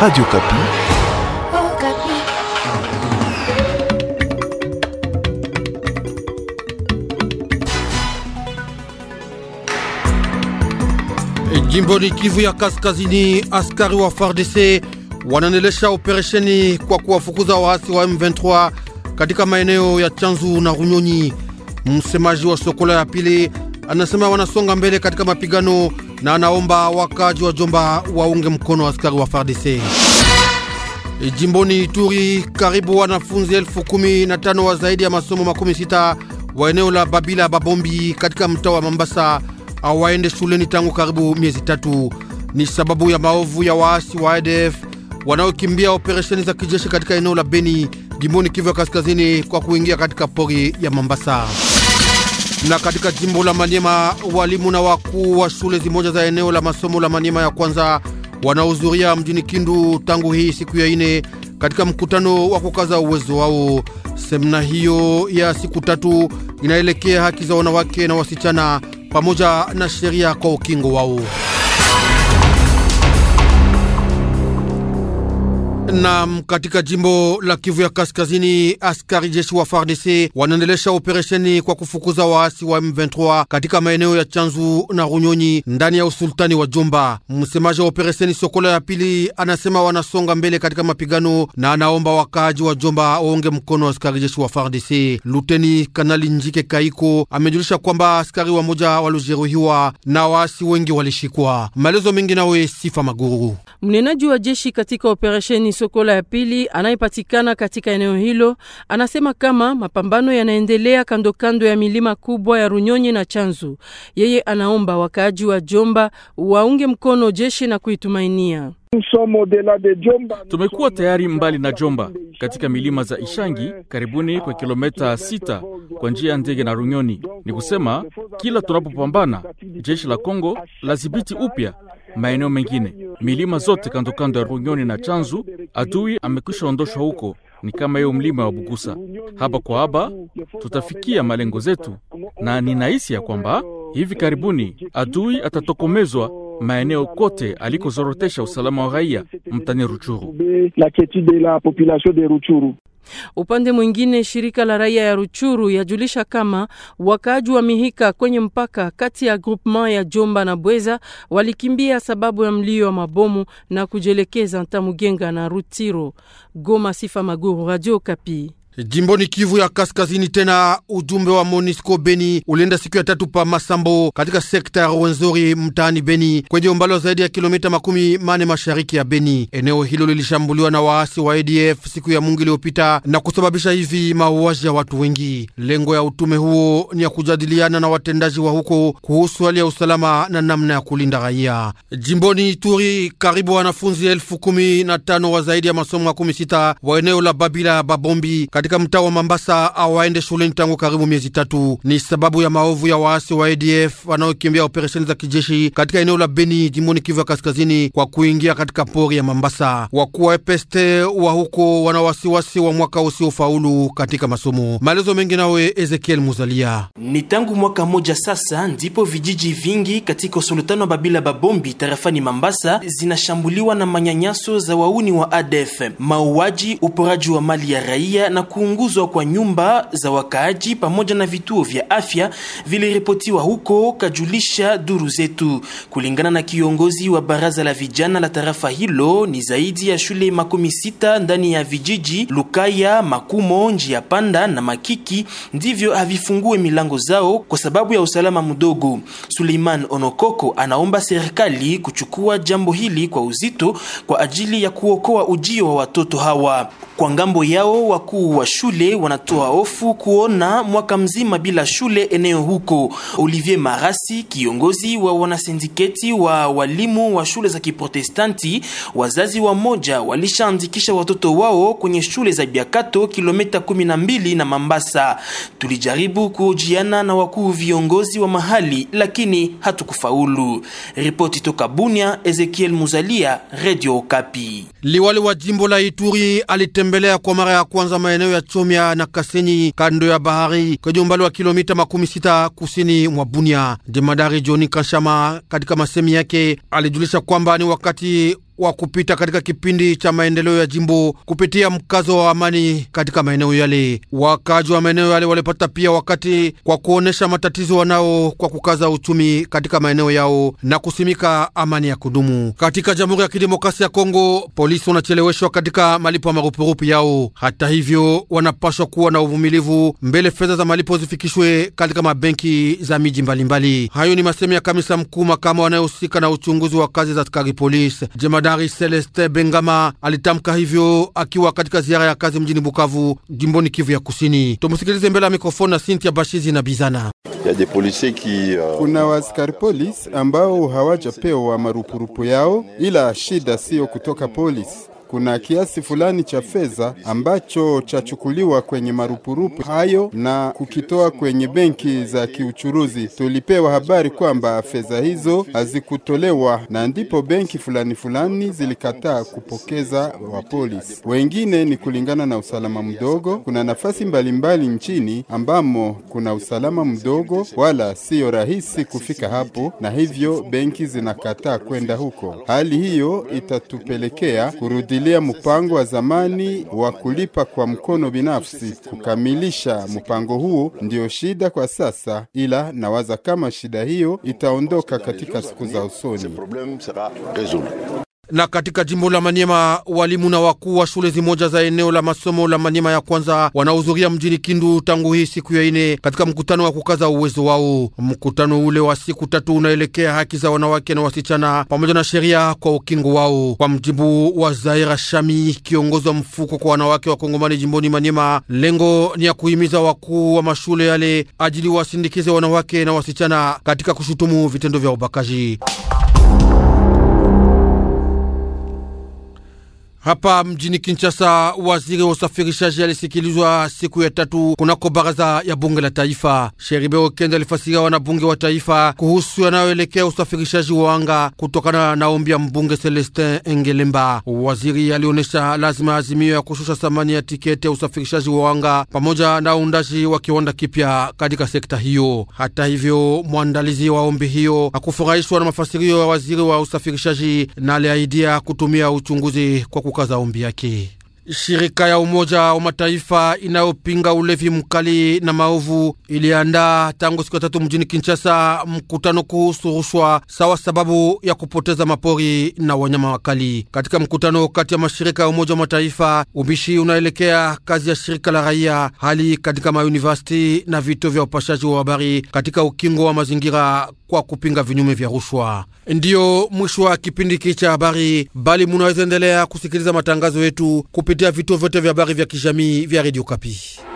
Radio Kapi. Oh, e, Kapi. Jimboni Kivu ya Kaskazini, askari wa FARDC wanaendelesha operesheni kwa kuwafukuza waasi wa M23 katika maeneo ya Chanzu na Runyonyi. Msemaji wa Sokola ya pili anasema wanasonga mbele katika mapigano na naomba wakaji wa Jomba waunge mkono askari wa FARDC. E, jimboni Ituri, karibu wanafunzi elfu kumi na tano wa zaidi ya masomo makumi sita wa eneo la Babila Babombi katika mtaa wa Mambasa hawaende shuleni tangu karibu miezi tatu. Ni sababu ya maovu ya waasi wa ADF wanaokimbia operesheni za kijeshi katika eneo la Beni, jimboni Kivu ya Kaskazini, kwa kuingia katika pori ya Mambasa. Na katika jimbo la manyema walimu na wakuu wa shule zimoja za eneo la masomo la manyema ya kwanza wanahudhuria mjini Kindu tangu hii siku ya ine katika mkutano wa kukaza uwezo wao. Semina hiyo ya siku tatu inaelekea haki za wanawake na wasichana pamoja na sheria kwa ukingo wao. Nam katika jimbo la Kivu ya Kaskazini, askari jeshi wa FARDC wanaendelesha operesheni kwa kufukuza waasi wa M23 katika maeneo ya Chanzu na Runyonyi ndani ya usultani wa Jomba. Msemaji wa operesheni Sokola ya pili anasema wanasonga mbele katika mapigano na anaomba wakaaji wa Jomba waunge mkono wa askari jeshi wa FARDC. Luteni Kanali Njike Kaiko amejulisha kwamba askari wa moja waliojeruhiwa na waasi wengi walishikwa. Maelezo mengi nawe Sifa Maguru, mnenaji wa jeshi katika operesheni Sokola ya pili anayepatikana katika eneo hilo anasema kama mapambano yanaendelea kandokando ya milima kubwa ya Runyonyi na Chanzu. Yeye anaomba wakaaji wa Jomba waunge mkono jeshi na kuitumainia. Tumekuwa tayari mbali na Jomba katika milima za Ishangi karibuni kwa kilomita sita kwa njia ya ndege na Runyoni. Ni kusema kila tunapopambana jeshi la Kongo lazibiti upya maeneo mengine, milima zote kando kando ya Runyoni na Chanzu adui amekwisha ondoshwa huko, ni kama hiyo mlima wa Bugusa. Haba kwa haba tutafikia malengo zetu, na ninahisi ya kwamba hivi karibuni adui atatokomezwa maeneo kote alikozorotesha usalama wa raia mtani Ruchuru. Upande mwingine, shirika la raia ya Ruchuru yajulisha kama wakaaji wa Mihika kwenye mpaka kati ya groupement ya Jomba na Bweza walikimbia sababu ya mlio wa mabomu na kujelekeza Ntamugenga na Rutiro. Goma, Sifa Maguru, Radio Kapi. Jimboni Kivu ya Kaskazini, tena ujumbe wa Monisco Beni ulienda siku ya tatu pa Masambo katika sekta ya Rwenzori mtaani Beni, kwenye umbali wa zaidi ya kilomita makumi mane mashariki ya Beni. Eneo hilo lilishambuliwa na waasi wa ADF siku ya Mungu iliyopita na kusababisha hivi mauaji ya watu wengi. Lengo ya utume huo ni ya kujadiliana na watendaji wa huko kuhusu hali ya usalama na namna ya kulinda raia. Jimboni Ituri, karibu wanafunzi elfu kumi na tano wa zaidi ya masomo makumi sita wa eneo la Babila Babombi katika mtaa wa Mambasa awaende shuleni tangu karibu miezi tatu. Ni sababu ya maovu ya waasi wa ADF wanaokimbia operesheni za kijeshi katika eneo la Beni, jimboni Kivu ya Kaskazini, kwa kuingia katika pori ya Mambasa. Wakuu wa EPST wa huko wana wasiwasi wa mwaka usiofaulu katika masomo. Maelezo mengi nawe Ezekiel Muzalia. Ni tangu mwaka moja sasa ndipo vijiji vingi katika usultano wa Babila Babombi tarafani Mambasa zinashambuliwa na manyanyaso za wauni wa ADF, mauaji, uporaji wa mali ya raia na kuunguzwa kwa nyumba za wakaaji pamoja na vituo vya afya viliripotiwa huko, kajulisha duru zetu. Kulingana na kiongozi wa baraza la vijana la tarafa hilo, ni zaidi ya shule makumi sita ndani ya vijiji Lukaya, Makumo, Njia Panda na Makiki ndivyo havifungue milango zao kwa sababu ya usalama mdogo. Suleiman Onokoko anaomba serikali kuchukua jambo hili kwa uzito kwa ajili ya kuokoa ujio wa watoto hawa. Kwa ngambo yao wakuu wa shule wanatoa hofu kuona mwaka mzima bila shule eneo huko. Olivier Marasi, kiongozi wa wanasindiketi wa walimu wa shule za Kiprotestanti, wazazi wa moja walishaandikisha watoto wao kwenye shule za Biakato, kilomita 12 na Mambasa. Tulijaribu kuhojiana na wakuu viongozi wa mahali, lakini hatukufaulu. Ripoti toka Bunia, Ezekiel Muzalia, Radio Okapi. Liwali wa jimbo la Ituri alitembelea kwa mara ya kwanza maeneo ya Chomya na Kasenyi kando ya bahari kwenye umbali wa kilomita makumi sita kusini mwa Bunia. Jemadari Joni Kanshama katika masemi yake alijulisha kwamba ni wakati wa kupita katika kipindi cha maendeleo ya jimbo kupitia mkazo wa amani katika maeneo yale. Wakaji wa maeneo yale walipata pia wakati kwa kuonesha matatizo wanao kwa kukaza uchumi katika maeneo yao na kusimika amani ya kudumu katika Jamhuri ya Kidemokrasia ya Kongo. Polisi wanacheleweshwa katika malipo ya marupurupu yao. Hata hivyo, wanapaswa kuwa na uvumilivu mbele fedha za malipo zifikishwe katika mabenki za miji mbalimbali. Hayo ni masemi ya kamisa mkuu makama wanayohusika na uchunguzi wa kazi za askari polisi Jemada Daktari Celeste Bengama alitamka hivyo akiwa katika ziara ya kazi mjini Bukavu, jimboni Kivu ya Kusini. Tumsikilize mbele ya mikrofoni na Sintia Bashizi na Bizana. Uh, Kuna waskari polisi ambao hawajapewa marupurupu yao, ila shida siyo kutoka polisi kuna kiasi fulani cha fedha ambacho chachukuliwa kwenye marupurupu hayo na kukitoa kwenye benki za kiuchuruzi. Tulipewa habari kwamba fedha hizo hazikutolewa, na ndipo benki fulani fulani zilikataa kupokeza wapolisi. Wengine ni kulingana na usalama mdogo. Kuna nafasi mbalimbali mbali nchini ambamo kuna usalama mdogo, wala siyo rahisi kufika hapo, na hivyo benki zinakataa kwenda huko. Hali hiyo itatupelekea kurudi kurejelea mpango wa zamani wa kulipa kwa mkono binafsi. Kukamilisha mpango huo ndiyo shida kwa sasa, ila nawaza kama shida hiyo itaondoka katika siku za usoni na katika jimbo la Manyema walimu na wakuu wa shule zimoja za eneo la masomo la Manyema ya kwanza wanahudhuria mjini Kindu tangu hii siku ya ine katika mkutano wa kukaza uwezo wao. Mkutano ule wa siku tatu unaelekea haki za wanawake na wasichana pamoja na sheria kwa ukingo wao. Kwa mjibu wa Zaira Shami, kiongozi wa mfuko kwa wanawake wa Kongomani jimboni Manyema, lengo ni ya kuhimiza wakuu wa mashule yale ajili wasindikize wanawake na wasichana katika kushutumu vitendo vya ubakaji. Hapa mjini Kinshasa, waziri wa usafirishaji alisikilizwa siku ya tatu kunako baraza ya bunge la taifa. Sheribe Okende alifasiria wanabunge wa taifa kuhusu yanayoelekea usafirishaji wa anga kutokana na ombi ya mbunge Celestin Engelemba. Waziri alionyesha lazima azimio ya kushusha thamani ya tiketi ya usafirishaji wa anga pamoja na uundaji wa kiwanda kipya katika sekta hiyo. Hata hivyo, mwandalizi wa ombi hiyo hakufurahishwa na mafasirio ya waziri wa usafirishaji na aliahidia kutumia uchunguzi kwa kukaza ombi yake. Shirika ya Umoja wa Mataifa inayopinga ulevi mkali na maovu iliandaa tangu siku ya tatu mjini Kinshasa mkutano kuhusu rushwa sawa sababu ya kupoteza mapori na wanyama wakali. Katika mkutano kati ya mashirika ya Umoja wa Mataifa, ubishi unaelekea kazi ya shirika la raia, hali katika mayunivesiti na vituo vya upashaji wa habari katika ukingo wa mazingira kwa kupinga vinyume vya rushwa. Ndiyo mwisho wa kipindi hiki cha habari, bali munaweza endelea kusikiliza matangazo yetu kuletea vituo vyote vya habari vya kijamii vya Radio Kapi.